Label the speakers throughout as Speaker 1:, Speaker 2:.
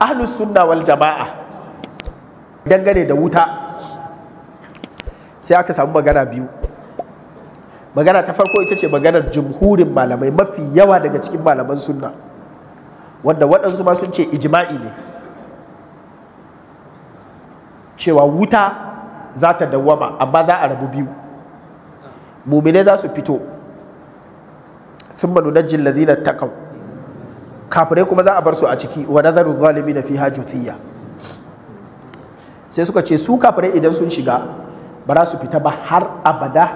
Speaker 1: ahlus sunna wal jama'a dangane da wuta sai aka samu magana biyu magana ta farko ita ce maganar jumhurin malamai mafi yawa daga cikin malaman sunna wanda waɗansu ma sun ce ijma'i ne cewa wuta za ta dawwama amma za a rabu biyu mumine za su fito sun manu na na takau kafirai kuma za a bar su a ciki wa nazaru zalimi na fiha fiya. sai suka ce su kafirai idan sun shiga ba za su fita ba har abada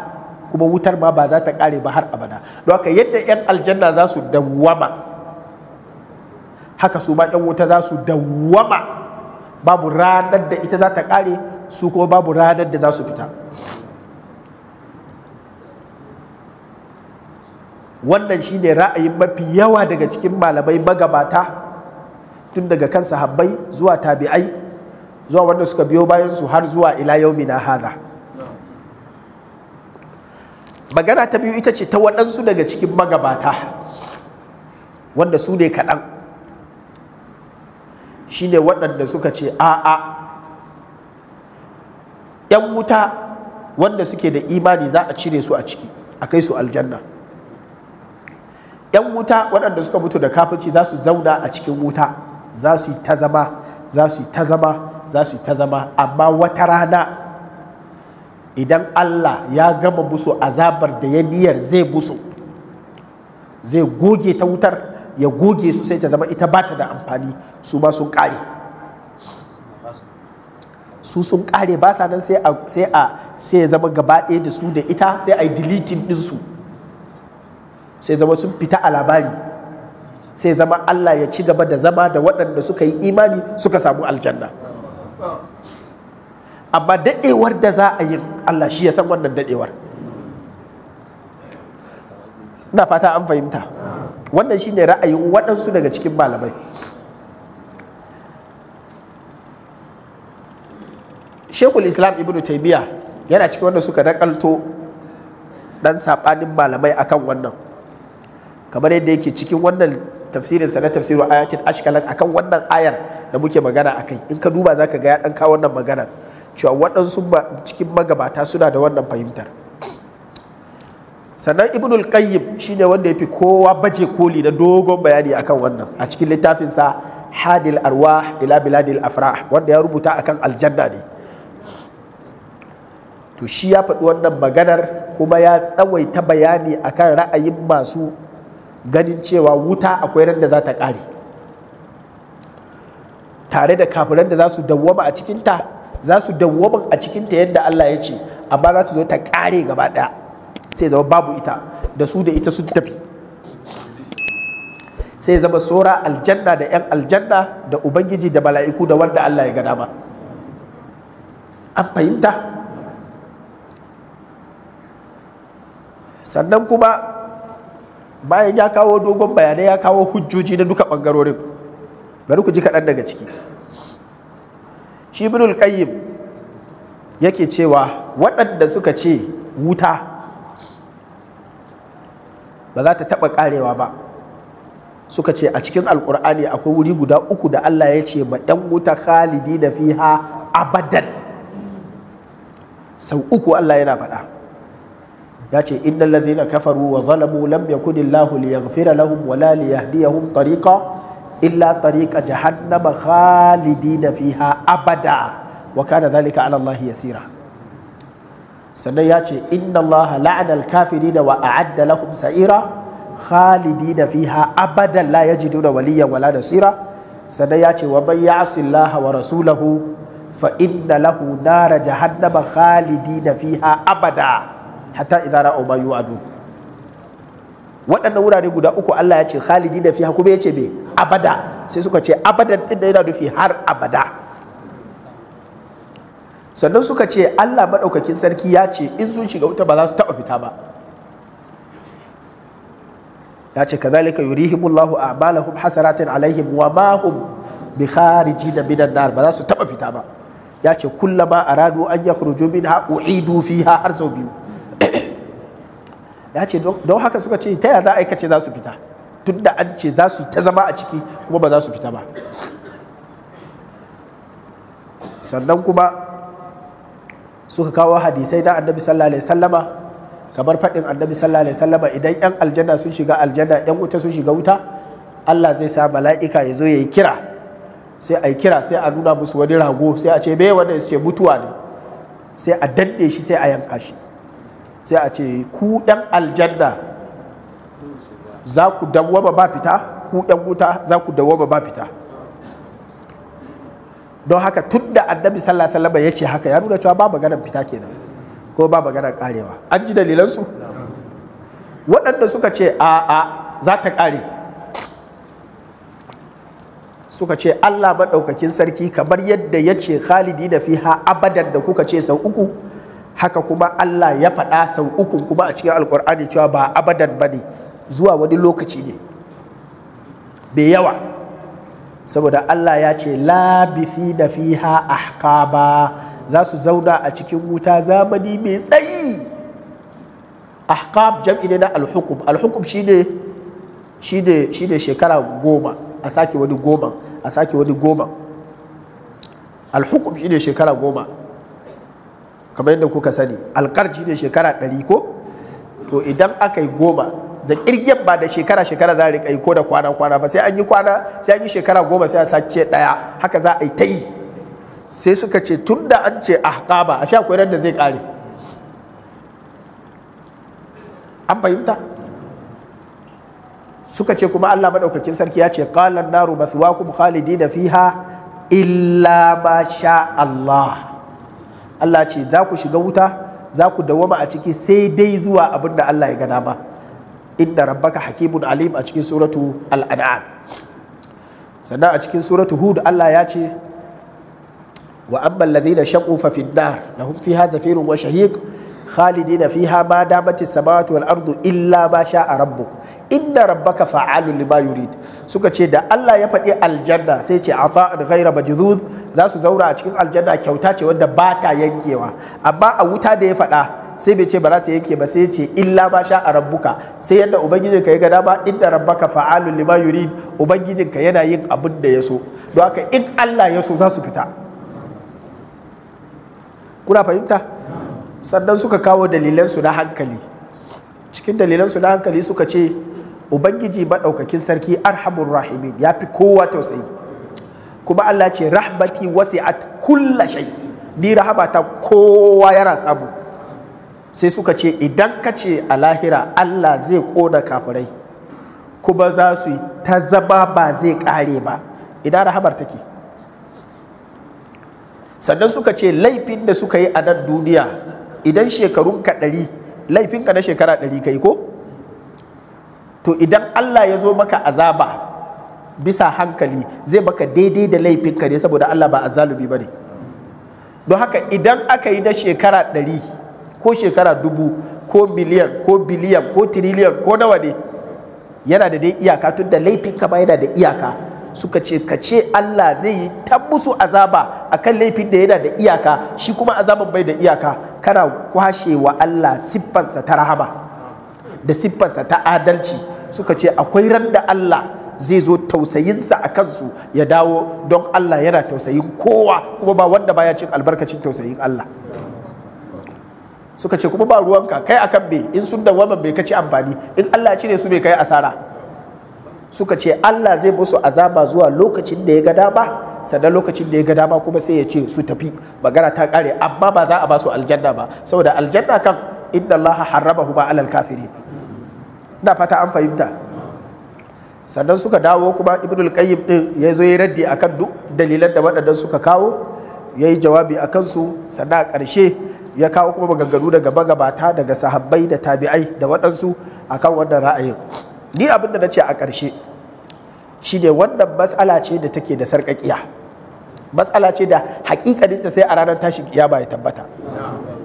Speaker 1: kuma wutar ma ba za ta kare ba har abada don haka yadda 'yan aljanna za su dawwama haka su ma 'yan wuta za su dawwama babu ranar da ita za ta kare su kuma babu ranar da za su fita wannan shine ra'ayin mafi yawa daga cikin malamai magabata tun daga kan sahabbai zuwa tabi'ai zuwa wanda suka biyo bayan su har zuwa ila na hada. magana ta biyu ita ce ta waɗansu daga cikin magabata wanda su ne kaɗan shi ne waɗanda suka ce a'a ‘yan wuta wanda suke da imani za a cire su a ciki a kai su aljanna 'yan wuta waɗanda suka mutu da kafirci za su zauna a cikin wuta za su yi ta zama za su yi ta zama za su yi ta zama amma wata rana idan Allah ya gama musu azabar da ya niyar zai musu zai goge ta wutar ya goge su sai ta zama ita ba ta da amfani su ma sun kare su sun kare ba sa nan sai a sai ya zama gaba ɗaya da su da ita sai a yi deleting ɗinsu sai zama sun fita a labari sai zama Allah ya ci gaba da zama da waɗanda suka yi imani suka samu aljanna amma daɗewar da za a yi Allah shi ya san wannan daɗewar na fata an fahimta wannan shine ra'ayin waɗansu daga cikin malamai shekul islam ibnu taimiyya yana cikin wanda suka nakalto dan saɓanin malamai akan wannan kamar yadda yake cikin wannan tafsirin sa na tafsirin ayatin ashkalat akan wannan ayar da muke magana akai in ka duba zaka ga ya dan kawo wannan maganar cewa waɗansu cikin magabata suna da wannan fahimtar sannan ibnul qayyim shine wanda ya fi kowa baje koli na dogon bayani akan wannan a cikin littafin sa hadil arwah ila biladil afrah wanda ya rubuta akan aljanna ne to shi ya faɗi wannan maganar kuma ya tsawaita bayani akan ra'ayin masu ganin cewa wuta akwai ran da za ta ƙare tare da kafiran da za su dawwama a cikinta za su dawwama a cikinta yadda Allah ya ce amma za ta zo ta kare gaba ɗaya sai zama babu ita da su da ita sun tafi sai zama sora aljanna da 'yan aljanna da ubangiji da mala'iku da wanda Allah ya gada ba an fahimta sannan kuma bayan ya kawo dogon bayanai ya kawo hujjoji na duka ɓangarorin bari ku ji kaɗan daga ciki shi ibnul qayyim yake cewa waɗanda suka ce wuta ba za ta taɓa ƙarewa ba suka ce a cikin Alƙur'ani akwai wuri guda uku da allah ya ce ma 'yan wuta khalidi da fiha abadan sau uku allah yana faɗa ya ce innal ladhina kafaru wa zalamu lam yakun Allahu liyaghfira lahum wa la liyahdiyahum tariqa illa tariqa jahannama khalidina fiha abada wa kana dhalika ala Allah yasira sannan ya ce inna Allah la'ana al-kafirina wa a'adda lahum sa'ira khalidina fiha abada la yajiduna waliyan wala nasira sannan ya ce wa man ya'si Allah wa rasulahu fa inna lahu nara jahannama khalidina fiha abada hatta idara au ma yu'adu waɗannan wurare guda uku Allah ya ce khalidi da fiha kuma ya ce me abada sai suka ce abada din da yana nufi har abada sannan suka ce Allah maɗaukakin sarki ya ce in sun shiga wuta ba za su taɓa fita ba ya ce kazalika yurihimullahu a'malahum hasaratin alaihim wa ma hum bi da minan nar ba za su taɓa fita ba ya ce kullama aradu an yakhruju minha u'idu fiha har sau biyu ya ce don haka suka ce ta ya za a ce za su fita tun da an ce za su ta zama a ciki kuma ba za su fita ba sannan kuma suka kawo hadisai na annabi sallallahu alaihi sallama kamar faɗin annabi sallallahu alaihi sallama idan yan aljanna sun shiga aljanna yan wuta sun shiga wuta Allah zai sa mala'ika ya zo ya yi kira sai a yi kira sai a nuna musu wani rago sai a ce me wanda ya ce mutuwa ne sai a danne shi sai a yanka shi sai a ce ku ɗan aljanna za ku dawo ba fita ku ɗan wuta za ku dawo ba fita don haka tun da annabi sallallahu ya ce haka ya nuna cewa ba maganar fita kenan ko ba maganar karewa an ji dalilansu waɗanda suka ce a a za ta kare suka ce Allah maɗaukakin sarki kamar yadda ya ce khalidi na ha abadan da kuka ce sau uku haka kuma Allah ya faɗa sau uku kuma a cikin alkur'ani cewa ba abadan ba ne zuwa wani lokaci ne bai yawa saboda Allah ya ce labithi da fiha ahqaba za su zauna a cikin wuta zamani mai tsayi ahqab jam'i ne na alhukum alhukum shine shine shine shekara goma a sake wani goma a sake wani goma alhukum shine shekara goma kamar yadda kuka sani alƙarci ne shekara ɗari ko to idan aka yi goma da ƙirgin ba da shekara shekara za a riƙa yi ko da kwana kwana ba sai an yi kwana sai an yi shekara goma sai a sace ɗaya haka za a yi ta yi sai suka ce tun da an ce a ahqaba a sha akwai da zai ƙare an fahimta suka ce kuma Allah maɗaukakin sarki ya ce qalan naru khalidi da fiha illa ma sha Allah Allah ce za ku shiga wuta za ku dawama a ciki sai dai zuwa abin da Allah ya gana ba inda rabbaka hakimun alim a cikin suratu al'an'am sannan a cikin suratu hud Allah ya ce wa amman ladhina shaqu fa fiha Zafiru wa shahiq khalidina fiha ma damatis samawati wal ardu illa ma sha'a rabbuk inna rabbaka fa'alun lima suka ce da Allah ya faɗi aljanna sai ce ata'an ghayra majzuz za su zaura a cikin aljanna kyauta ce wadda ba ta yankewa amma a wuta da ya faɗa sai bai ce ba za ta yanke ba sai ya ce illa ba sha a rabbuka sai yadda ubangijin ka ya gada ba inda rabbaka fa'alun lima yurid ubangijin ka yana yin abin da ya so don haka in Allah ya so za su fita kuna fahimta sannan suka kawo dalilansu na hankali cikin dalilansu na hankali suka ce ubangiji maɗaukakin sarki arhamur rahimin ya fi kowa tausayi kuma Allah ce rahbati wasi'at kulla shai ni rahaba ta kowa yana samu sai suka ce idan ka ce a lahira Allah zai kona kafirai kuma za su yi ta zaba ba zai kare ba idan rahabar take sannan suka ce laifin da suka yi a nan duniya idan shekarun ka ɗari laifinka na shekara ɗari kai ko to idan Allah ya zo maka azaba bisa hankali zai baka daidai da laifinka ne saboda Allah ba azalubi ba ne don haka idan aka yi na shekara ɗari ko shekara dubu ko miliyan ko biliyan ko tiriliyan ko nawa ne yana da dai iyaka tun da laifinka ba yana da iyaka suka ce ka ce Allah zai yi ta musu azaba akan laifin da yana da iyaka shi kuma azaban bai da iyaka kana kwashe wa Allah siffarsa ta rahama da siffarsa ta adalci suka ce akwai randa Allah zai zo tausayinsa a kansu ya dawo don Allah yana tausayin kowa kuma ba wanda baya cin albarkacin tausayin Allah suka ce kuma ba ruwanka kai a me in sun dawama bai kaci amfani in Allah ya cire su bai kai asara suka ce Allah zai musu azaba zuwa lokacin da ya ga dama sannan lokacin da ya ga dama kuma sai ya ce su tafi magana ta kare amma ba za a ba su aljanna ba saboda aljanna kan inda Allah harramahu ba alal kafiri. ina fata an fahimta sannan suka dawo kuma ibnul qayyim din ya zo ya raddi akan duk dalilan da waɗannan suka kawo ya yi jawabi a kansu sannan a ƙarshe ya kawo kuma maganganu daga magabata daga sahabbai da tabi'ai da waɗansu a kan wannan ra'ayin ni abin da na ce a ƙarshe Shi ne wannan matsala ce da take da sarƙaƙiya matsala ce da hakikaninta sai a ranar tashin ba ya tabbata